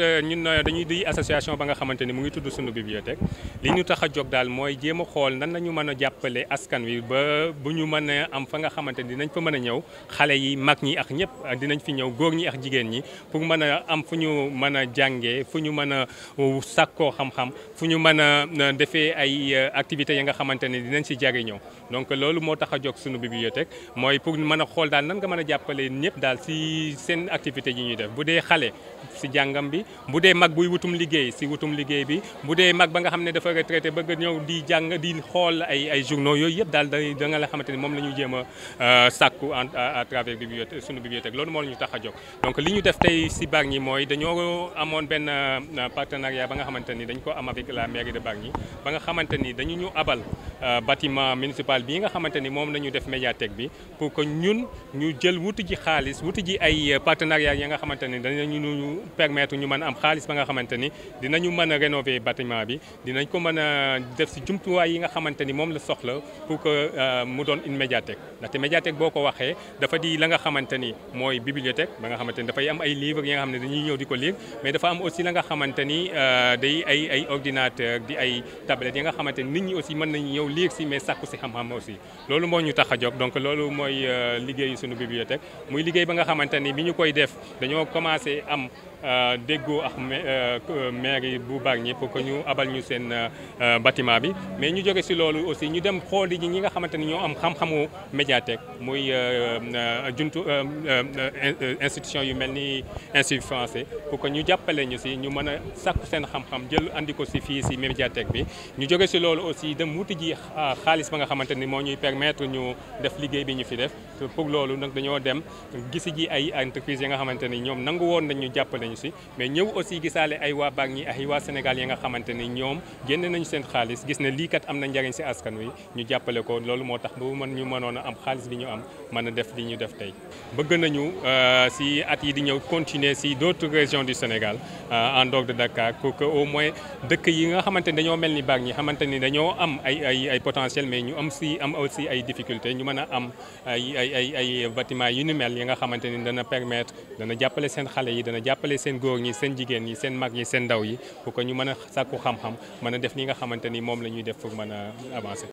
ñun euh, dañuy di association ba nga xamante ni mu ngi tudd sunu bibliothèque li ñu tax a jóg daal mooy jéem a xool nan nañu mën a jàppale askan wi ba bu ñu mën am fa nga xamante ni dinañ fa mën a ñëw xale yi mag ñi ak ñëpp euh, dinañ fi ñëw góor ñi ak jigéen ñi pour mën a am fu ñu mën a jàngee fu ñu mën a sàkkoo xam-xam fu ñu mën a euh, defee ay activités yi nga xamante ni dinañ si jariñoo donc loolu moo tax a jóg sunu bibliothèque mooy pour mën a xool daal nan nga mën a jàppale ñëpp daal si seen activités yi ñuy def bu dee xale si jàngam bi Bude mag buy wutum liggéey si wutum liggéey bi bude mag ba nga xam dafa retraité bëgg ñëw di jang di xol ay ay journaux yoy yëpp dal da nga la xamanteni mom lañu la ñu euh, à travers bibliothèque sunu bibliothèque loolu mo lañu ñu tax donc liñu def tay si Bargny moy dañu amone ben euh, partenariat ba nga xamanteni dañ ko am avec la mairie de Bargny ba nga xamanteni dañu ñu abal euh, bâtiment municipal bi nga xamanteni mom lañu def médiathèque bi pour que ñun ñu jël wutu ji xaaliss wutu ji ay partenariat yi ya nga xamanteni dañ lañu ñu permettre ñu mën a am xaalis ba nga xamante ni dinañu mën a yi nga xamante ni moom la soxla pour que euh, mu doon une médiathèque ndaxte médiathèque boo ko waxee dafa di la nga xamante ni mooy bibliothèque ba nga xamante ni dafay am ay livres yi nga xam ne dañuy ñëw di ko lire mais dafa am aussi la nga xamante ni euh, day ay ay ordinateur di ay tablettes yi nga xamante ni nit ñi aussi mën nañu ñëw lire si mais sàkku si xam-xam aussi loolu moo ñu tax a jóg donc loolu mooy euh, liggéeyu sunu bibliothèque muy liggéey ba nga xamante bi ñu koy def dañoo commencé am Euh, déggoo ak euh, euh, maire bu Bargny pour que ñu abal ñu seen bâtiment bi mais ñu jóge si loolu aussi ñu dem xooli ji ñi nga xamante ni ñoo am xam-xamu médiathèque muy juntu institution yu mel ni institut français pour que ñu jàppale ñu si ñu mën a sàkku seen xam-xam jël andi ko si fii si médiathèque bi ñu jóge si loolu aussi dem wuti ji xaalis ba nga xamante ni moo ñuy permettre ñu def liggéey bi ñu fi def pour loolu nag dañoo dem gisi ji ay entreprise yi nga xamante ni ñoom nangu woon nañu ñu jàppale nañu si mais ñëw aussi gisaale ay waa baag ñi ay waa Sénégal yi nga xamante ñoom génne nañu seen xaalis gis ne lii kat am na njariñ si askan wi ñu jàppale ko loolu moo tax ba mën ñu mënoon am xaalis bi ñu am a def li ñu def tey euh, si yi di ñëw continuer si d'autres régions du Sénégal euh, en dehors de Dakar pour que au moins yi nga xamante ni dañoo mel ni baag ñi xamante ni dañoo am ay ay ay potentiel ñu am si am aussi ay difficultés ñu man a am ay ay ay ay bâtiment yu mel yi nga xamante dana permettre dana jàppale seen xale yi dana jàppale seen góor ñi seen jigéen ñi seen mag ñi seen ndaw yi pour que ñu mën a sàkku xam-xam mën a def li nga xamante ni moom la ñuy def pour mën a avancer